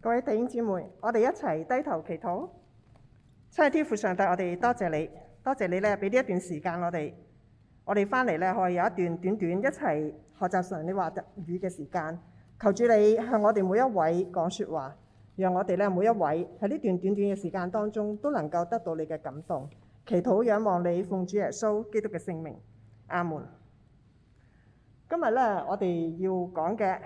各位弟兄姊妹，我哋一齊低頭祈禱，親愛嘅天父上帝我們，我哋多謝你，多謝你咧，俾呢一段時間我哋，我哋翻嚟呢，可以有一段短短一齊學習上你話語的語嘅時間，求主你向我哋每一位講說話，讓我哋咧每一位喺呢段短短嘅時間當中都能夠得到你嘅感動，祈禱仰望你奉主耶穌基督嘅聖名，阿門。今日呢，我哋要講嘅。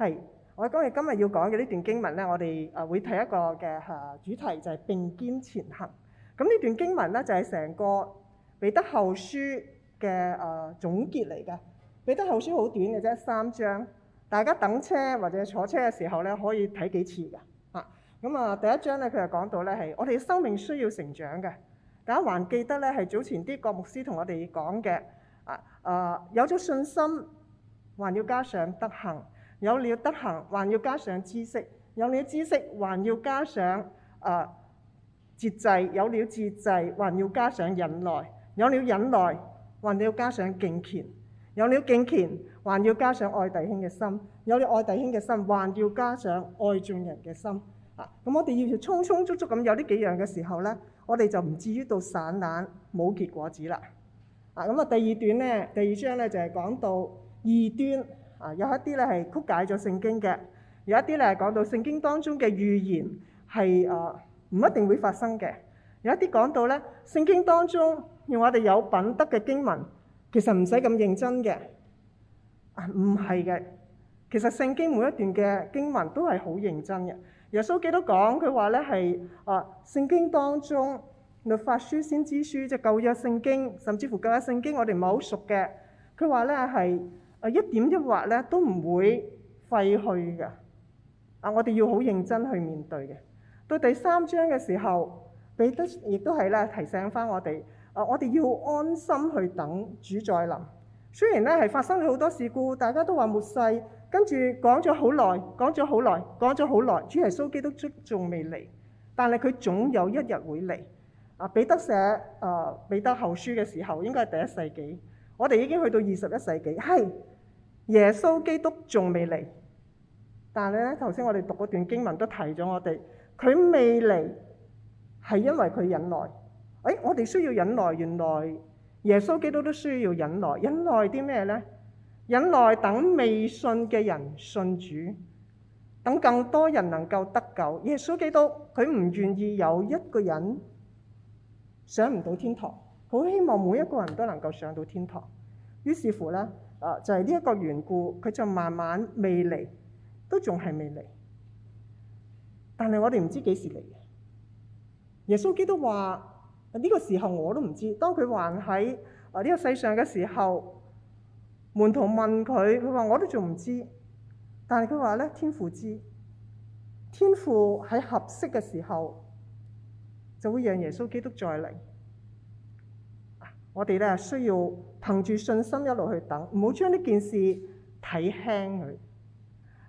係，我哋今日要講嘅呢段經文咧，我哋誒會睇一個嘅誒主題就係、是、並肩前行。咁呢段經文咧就係、是、成個彼得後書嘅誒、呃、總結嚟嘅。彼得後書好短嘅啫，三章，大家等車或者坐車嘅時候咧可以睇幾次㗎嚇。咁啊，第一章咧佢就講到咧係我哋生命需要成長嘅，大家還記得咧係早前啲國牧師同我哋講嘅啊誒，有咗信心還要加上德行。有了德行，還要加上知識；有了知識，還要加上啊、呃、節制；有了節制，還要加上忍耐；有了忍耐，還要加上敬虔；有了敬虔，還要加上愛弟兄嘅心；有了愛弟兄嘅心，還要加上愛眾人嘅心。啊，咁我哋要充充足足咁有呢幾樣嘅時候咧，我哋就唔至於到散懶冇結果子啦。啊，咁啊第二段咧，第二章咧就係、是、講到異端。啊，有一啲咧係曲解咗聖經嘅，有一啲咧係講到聖經當中嘅預言係啊唔一定會發生嘅，有一啲講到咧聖經當中用我哋有品德嘅經文，其實唔使咁認真嘅啊，唔係嘅，其實聖經每一段嘅經文都係好認真嘅。耶穌基督都講佢話咧係啊，聖經當中律法書、先知書即係舊約聖經，甚至乎舊約聖經我哋唔係好熟嘅，佢話咧係。啊，一點一劃咧都唔會廢去嘅。啊，我哋要好認真去面對嘅。到第三章嘅時候，彼得亦都係咧提醒翻我哋，啊，我哋要安心去等主再臨。雖然咧係發生咗好多事故，大家都話末世，跟住講咗好耐，講咗好耐，講咗好耐，主耶穌基督仲未嚟，但係佢總有一日會嚟。啊，彼得寫啊、呃、彼得後書嘅時候，應該係第一世紀，我哋已經去到二十一世紀，係。耶穌基督仲未嚟，但係咧，頭先我哋讀嗰段經文都提咗我哋，佢未嚟係因為佢忍耐。誒，我哋需要忍耐，原來耶穌基督都需要忍耐。忍耐啲咩呢？忍耐等未信嘅人信主，等更多人能夠得救。耶穌基督佢唔願意有一個人上唔到天堂，好希望每一個人都能夠上到天堂。於是乎咧。啊，就係呢一個緣故，佢就慢慢未嚟，都仲係未嚟。但係我哋唔知幾時嚟。耶穌基督話：呢個時候我都唔知。當佢還喺呢個世上嘅時候，門徒問佢，佢話我都仲唔知。但係佢話咧，天父知。天父喺合適嘅時候，就會讓耶穌基督再嚟。我哋咧需要，憑住信心一路去等，唔好將呢件事睇輕佢。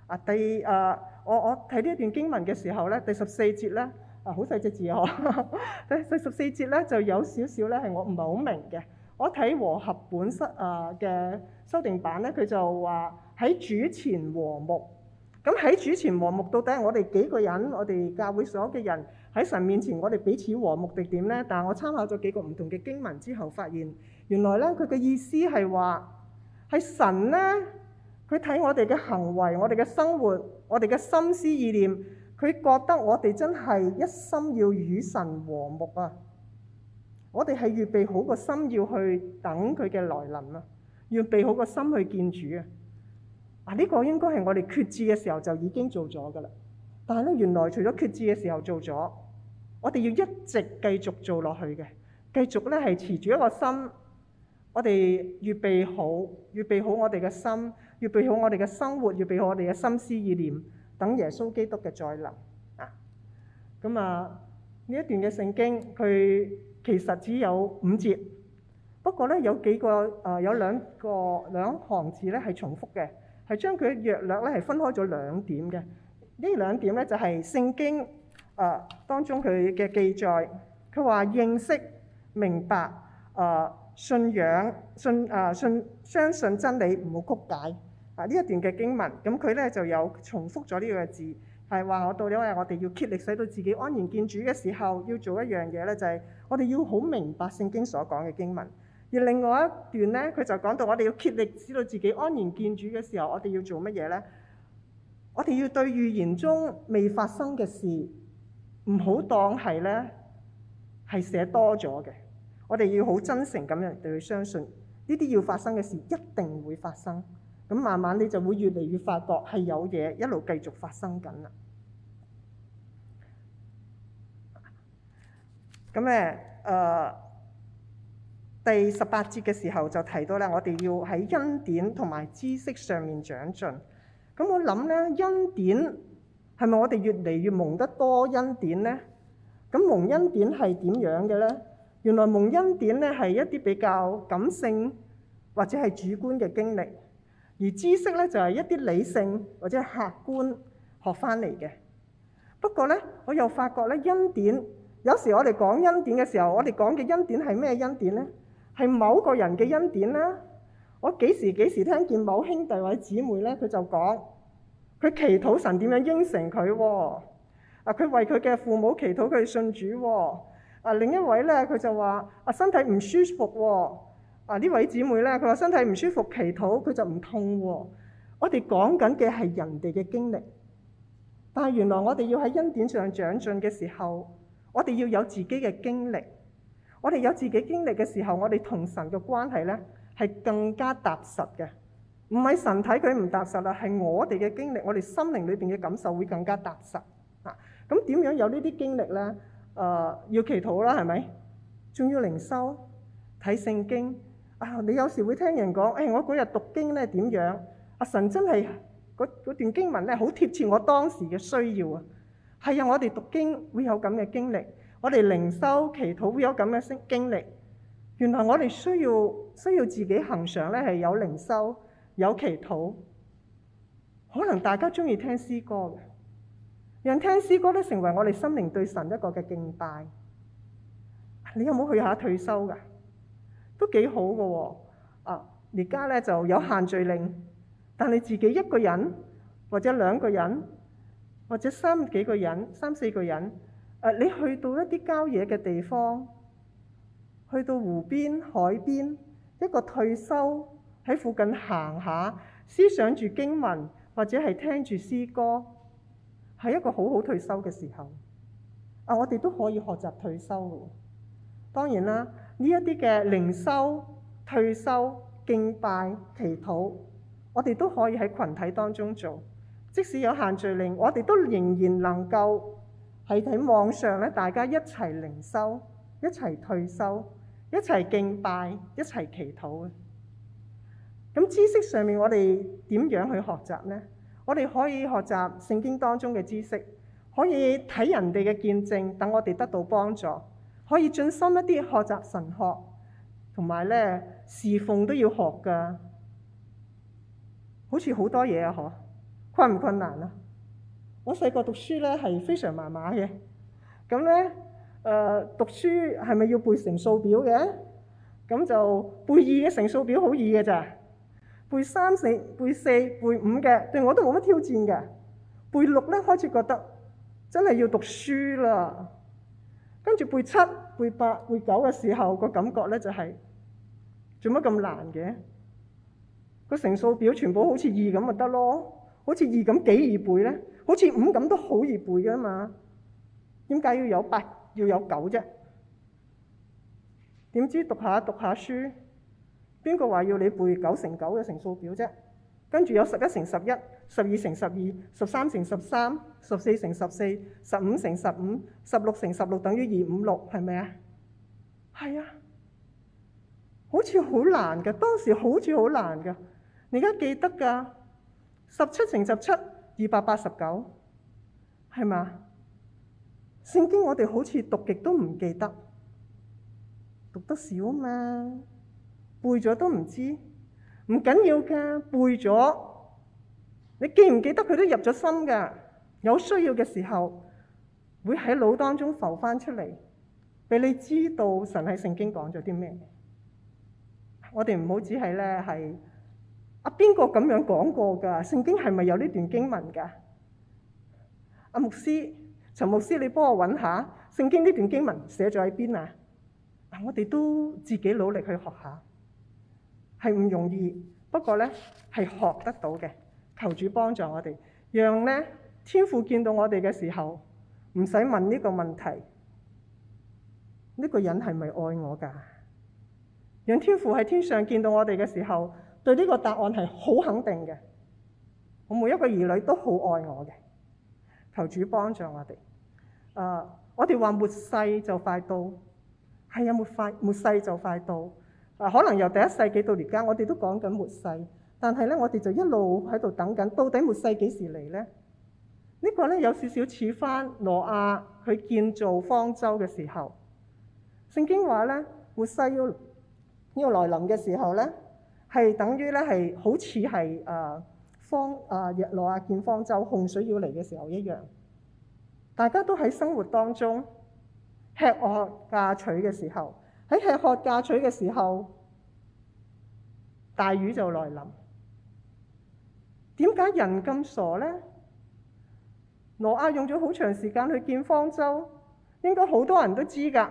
啊，第啊，我我睇呢一段經文嘅時候咧，第十四節咧，啊好細隻字哦。第十四節咧就有少少咧係我唔係好明嘅。我睇和合本室啊嘅修訂版咧，佢就話喺主前和睦。咁喺主前和睦，到底係我哋幾個人，我哋教會所嘅人喺神面前，我哋彼此和睦點咧？但係我參考咗幾個唔同嘅經文之後，發現。原來咧，佢嘅意思係話係神咧，佢睇我哋嘅行為、我哋嘅生活、我哋嘅心思意念，佢覺得我哋真係一心要與神和睦啊！我哋係預備好個心要去等佢嘅來臨啊，預備好個心去見主啊！啊，呢個應該係我哋決志嘅時候就已經做咗㗎喇。但係咧，原來除咗決志嘅時候做咗，我哋要一直繼續做落去嘅，繼續咧係持住一個心。我哋預備好，預備好我哋嘅心，預備好我哋嘅生活，預備好我哋嘅心思意念，等耶穌基督嘅再臨啊！咁啊，呢一段嘅聖經佢其實只有五節，不過咧有幾個啊、呃、有兩個兩行字咧係重複嘅，係將佢嘅約略咧係分開咗兩點嘅。兩點呢兩點咧就係、是、聖經啊、呃、當中佢嘅記載，佢話認識明白啊。呃信仰，信啊，信，相信真理，唔好曲解啊呢一段嘅經文，咁佢咧就有重複咗呢個字，係話我到底咧，我哋要竭力使到自己安然見主嘅時候，要做一樣嘢咧，就係我哋要好明白聖經所講嘅經文。而另外一段咧，佢就講到我哋要竭力使到自己安然見主嘅時候，我哋要做乜嘢咧？我哋要對預言中未發生嘅事，唔好當係咧係寫多咗嘅。我哋要好真誠咁樣對佢相信，呢啲要發生嘅事一定會發生。咁慢慢你就會越嚟越發覺係有嘢一路繼續發生緊啦。咁咧誒，第十八節嘅時候就提到咧，我哋要喺恩典同埋知識上面長進。咁我諗咧，恩典係咪我哋越嚟越蒙得多恩典咧？咁蒙恩典係點樣嘅咧？原來蒙恩典咧係一啲比較感性或者係主觀嘅經歷，而知識咧就係一啲理性或者係客觀學翻嚟嘅。不過咧，我又發覺咧，恩典有時我哋講恩典嘅時候，我哋講嘅恩典係咩恩典咧？係某個人嘅恩典啦。我幾時幾時聽見某兄弟或者姊妹咧，佢就講佢祈禱神點樣應承佢喎？啊，佢為佢嘅父母祈禱佢信主喎。啊，另一位咧，佢就話：啊，身體唔舒服喎！啊，呢位姊妹咧，佢話身體唔舒服，祈禱佢就唔痛喎。我哋講緊嘅係人哋嘅經歷，但係原來我哋要喺恩典上長進嘅時候，我哋要有自己嘅經歷。我哋有自己經歷嘅時候，我哋同神嘅關係咧係更加踏實嘅。唔係神睇佢唔踏實啦，係我哋嘅經歷，我哋心靈裏邊嘅感受會更加踏實。啊，咁點樣有呢啲經歷咧？誒、呃、要祈禱啦，係咪？仲要靈修、睇聖經啊、呃！你有時會聽人講，誒、欸、我嗰日讀經咧點樣？阿神真係嗰嗰段經文咧，好貼切我當時嘅需要啊！係啊，我哋讀經會有咁嘅經歷，我哋靈修、祈禱會有咁嘅經經歷。原來我哋需要需要自己行上咧，係有靈修、有祈禱。可能大家中意聽詩歌嘅。讓聽詩歌咧，成為我哋心靈對神一個嘅敬拜。你有冇去下退修噶？都幾好嘅喎、啊！啊，而家咧就有限聚令，但你自己一個人或者兩個人，或者三幾個人、三四個人，誒、啊，你去到一啲郊野嘅地方，去到湖邊、海邊，一個退修喺附近行下，思想住經文或者係聽住詩歌。係一個好好退休嘅時候，啊！我哋都可以學習退休嘅。當然啦，呢一啲嘅靈修、退休、敬拜、祈禱，我哋都可以喺群體當中做。即使有限聚令，我哋都仍然能夠係喺網上咧，大家一齊靈修、一齊退休、一齊敬拜、一齊祈禱。咁知識上面，我哋點樣去學習呢？我哋可以學習聖經當中嘅知識，可以睇人哋嘅見證，等我哋得到幫助，可以進深一啲學習神學，同埋咧侍奉都要學噶，好似好多嘢啊！嗬，困唔困難啊？我細個讀書咧係非常麻麻嘅，咁咧誒讀書係咪要背乘數表嘅？咁就背二嘅乘數表好易嘅咋？背三四、背四、背五嘅，對我都冇乜挑戰嘅。背六咧開始覺得真係要讀書啦。跟住背七、背八、背九嘅時候，個感覺咧就係做乜咁難嘅？個乘數表全部好似二咁咪得咯，好似二咁幾易背咧，好似五咁都好易背噶嘛。點解要有八要有九啫？點知讀下讀下書。邊個話要你背九乘九嘅乘數表啫？跟住有十一乘十一、十二乘十二、十三乘十三、十四乘十四、十五乘十五、十六乘十六等於二五六，係咪啊？係啊，好似好難嘅，當時好似好難嘅，你而家記得㗎？十七乘十七二百八十九，係嘛？聖經我哋好似讀極都唔記得，讀得少嘛。背咗都唔知，唔緊要噶。背咗，你記唔記得佢都入咗心噶。有需要嘅時候，會喺腦當中浮翻出嚟，俾你知道神喺聖經講咗啲咩。我哋唔好只係咧係阿邊個咁樣講過噶，聖經係咪有呢段經文噶？阿、啊、牧師，陳牧師，你幫我搵下聖經呢段經文寫咗喺邊啊？嗱，我哋都自己努力去學下。係唔容易，不過咧，係學得到嘅。求主幫助我哋，讓咧，天父見到我哋嘅時候，唔使問呢個問題。呢個人係咪愛我噶？讓天父喺天上見到我哋嘅時候，對呢個答案係好肯定嘅。我每一個兒女都好愛我嘅。求主幫助我哋。誒、呃，我哋話末世就快到，係啊，末快末世就快到。可能由第一世紀到而家，我哋都講緊末世，但係咧，我哋就一路喺度等緊，到底末世幾時嚟咧？這個、呢個咧有少少似翻挪亞佢建造方舟嘅時候，聖經話咧末世要要來臨嘅時候咧，係等於咧係好似係誒方誒挪亞建方舟洪水要嚟嘅時候一樣。大家都喺生活當中吃喝嫁娶嘅時候。喺吃喝嫁娶嘅時候，大雨就來臨。點解人咁傻呢？挪亞用咗好長時間去建方舟，應該好多人都知㗎。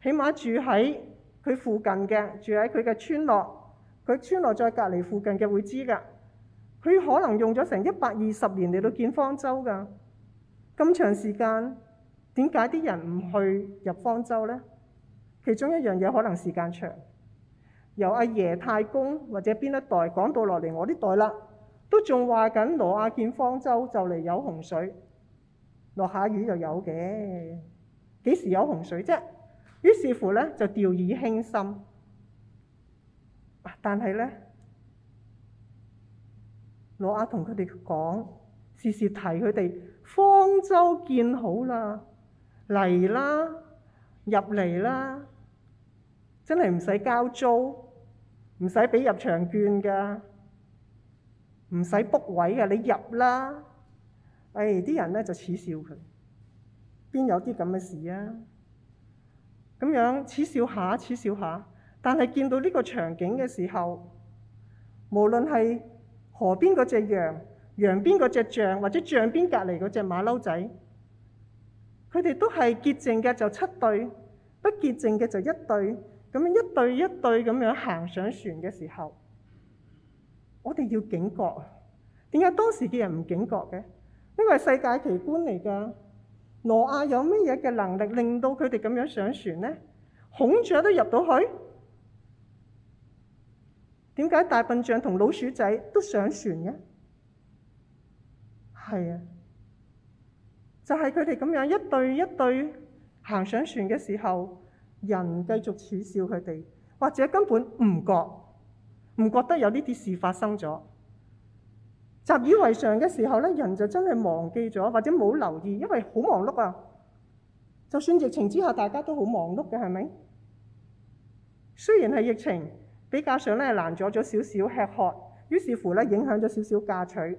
起碼住喺佢附近嘅，住喺佢嘅村落，佢村落再隔離附近嘅會知㗎。佢可能用咗成一百二十年嚟到建方舟㗎。咁長時間，點解啲人唔去入方舟呢？其中一樣嘢可能時間長，由阿爺太公或者邊一代講到落嚟，我呢代啦都仲話緊挪亞建方舟就嚟有洪水，落下雨就有嘅，幾時有洪水啫？於是乎呢，就掉以輕心，但係呢，挪亞同佢哋講，時時提佢哋方舟建好啦，嚟啦，入嚟啦。真係唔使交租，唔使俾入場券噶，唔使 book 位啊！你入啦。誒、哎、啲人咧就恥笑佢，邊有啲咁嘅事啊？咁樣恥笑下恥笑下，但係見到呢個場景嘅時候，無論係河邊嗰隻羊、羊邊嗰隻象，或者象邊隔離嗰隻馬騮仔，佢哋都係潔淨嘅就七對，不潔淨嘅就一對。咁樣一對一對咁樣行上船嘅時候，我哋要警覺。點解當時嘅人唔警覺嘅？呢個係世界奇觀嚟㗎。挪亞有乜嘢嘅能力令到佢哋咁樣上船呢？孔雀都入到去。點解大笨象同老鼠仔都上船嘅？係啊，就係佢哋咁樣一對一對行上船嘅時候。人繼續恥笑佢哋，或者根本唔覺唔覺得有呢啲事發生咗。習以為常嘅時候呢，人就真係忘記咗，或者冇留意，因為好忙碌啊。就算疫情之下，大家都好忙碌嘅，係咪？雖然係疫情比較上呢，難咗咗少少吃喝，於是乎呢影響咗少少嫁娶，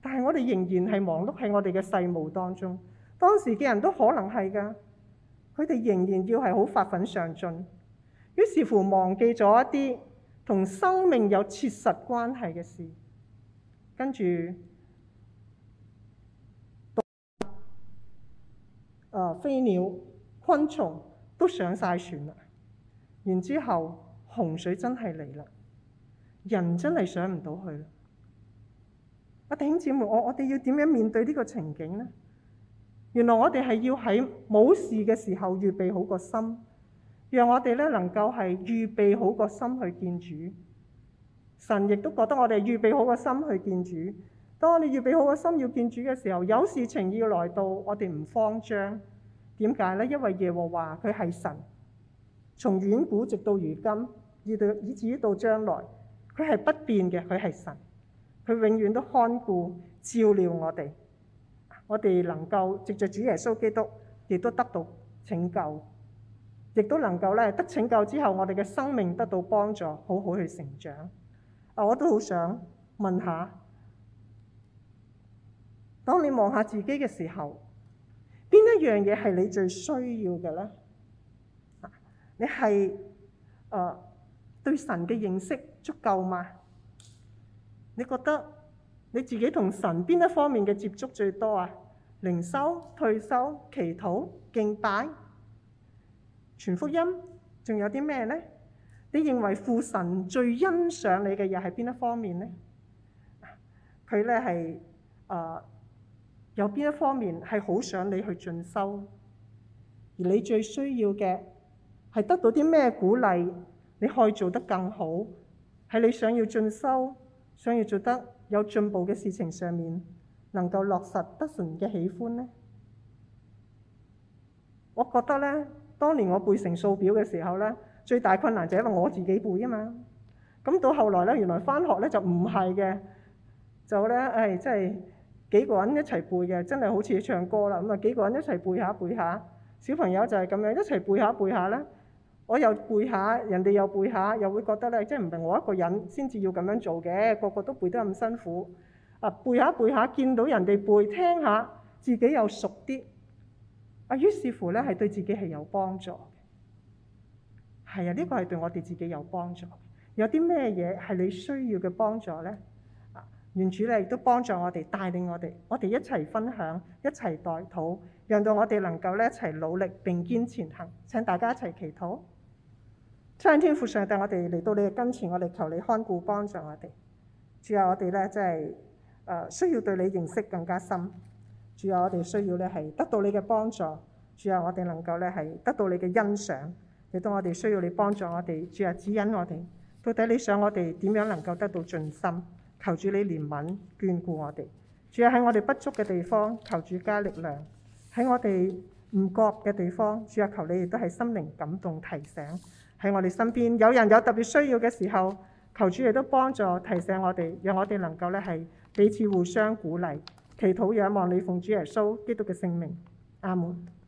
但係我哋仍然係忙碌喺我哋嘅世務當中。當時嘅人都可能係㗎。佢哋仍然要係好發奮上進，於是乎忘記咗一啲同生命有切實關係嘅事，跟住，動物、誒、呃、飛鳥、昆蟲都上晒船啦。然之後洪水真係嚟啦，人真係上唔到去啦。阿弟兄姊妹，我我哋要點樣面對呢個情景呢？原來我哋係要喺冇事嘅時候預備好個心，讓我哋咧能夠係預備好個心去見主。神亦都覺得我哋預備好個心去見主。當我哋預備好個心要見主嘅時候，有事情要來到，我哋唔慌張。點解呢？因為耶和華佢係神，從遠古直到如今，以以至於到將來，佢係不變嘅。佢係神，佢永遠都看顧照料我哋。我哋能夠藉著主耶穌基督，亦都得到拯救，亦都能夠咧得拯救之後，我哋嘅生命得到幫助，好好去成長。啊，我都好想問下，當你望下自己嘅時候，邊一樣嘢係你最需要嘅咧？你係誒、呃、對神嘅認識足夠嗎？你覺得？你自己同神邊一方面嘅接觸最多啊？靈修、退修、祈禱、敬拜、傳福音，仲有啲咩呢？你認為父神最欣賞你嘅又係邊一方面呢？佢咧係誒有邊一方面係好想你去進修，而你最需要嘅係得到啲咩鼓勵？你可以做得更好，係你想要進修、想要做得。有進步嘅事情上面能夠落實得順嘅喜歡呢，我覺得呢，當年我背乘數表嘅時候呢，最大困難就係我自己背啊嘛。咁到後來呢，原來翻學呢就唔係嘅，就呢，唉，真係幾個人一齊背嘅，真係好似唱歌啦咁啊，幾個人一齊背下背下，小朋友就係咁樣一齊背下背下呢。我又背下，人哋又背下，又會覺得咧，即係唔係我一個人先至要咁樣做嘅？個個都背得咁辛苦啊！背下背下，見到人哋背，聽下自己又熟啲啊，於是乎咧係對自己係有幫助嘅。係啊，呢個係對我哋自己有幫助。有啲咩嘢係你需要嘅幫助咧？啊，願主你亦都幫助我哋，帶領我哋，我哋一齊分享，一齊代禱，讓到我哋能夠咧一齊努力並肩前行。請大家一齊祈禱。將天父上帝，我哋嚟到你嘅跟前，我哋求你看顧幫助我哋。主啊，我哋咧真係誒、呃、需要對你認識更加深。主啊，我哋需要咧係得到你嘅幫助。主啊，我哋能夠咧係得到你嘅欣賞。亦都我哋需要你幫助我哋。主啊，指引我哋。到底你想我哋點樣能夠得到盡心？求主你憐憫眷顧我哋。主啊，喺我哋不足嘅地方，求主加力量；喺我哋唔覺嘅地方，主啊，求你亦都係心靈感動提醒。喺我哋身邊，有人有特別需要嘅時候，求主亦都幫助提醒我哋，讓我哋能夠咧係彼此互相鼓勵，祈禱仰望你，奉主耶穌基督嘅聖名，阿門。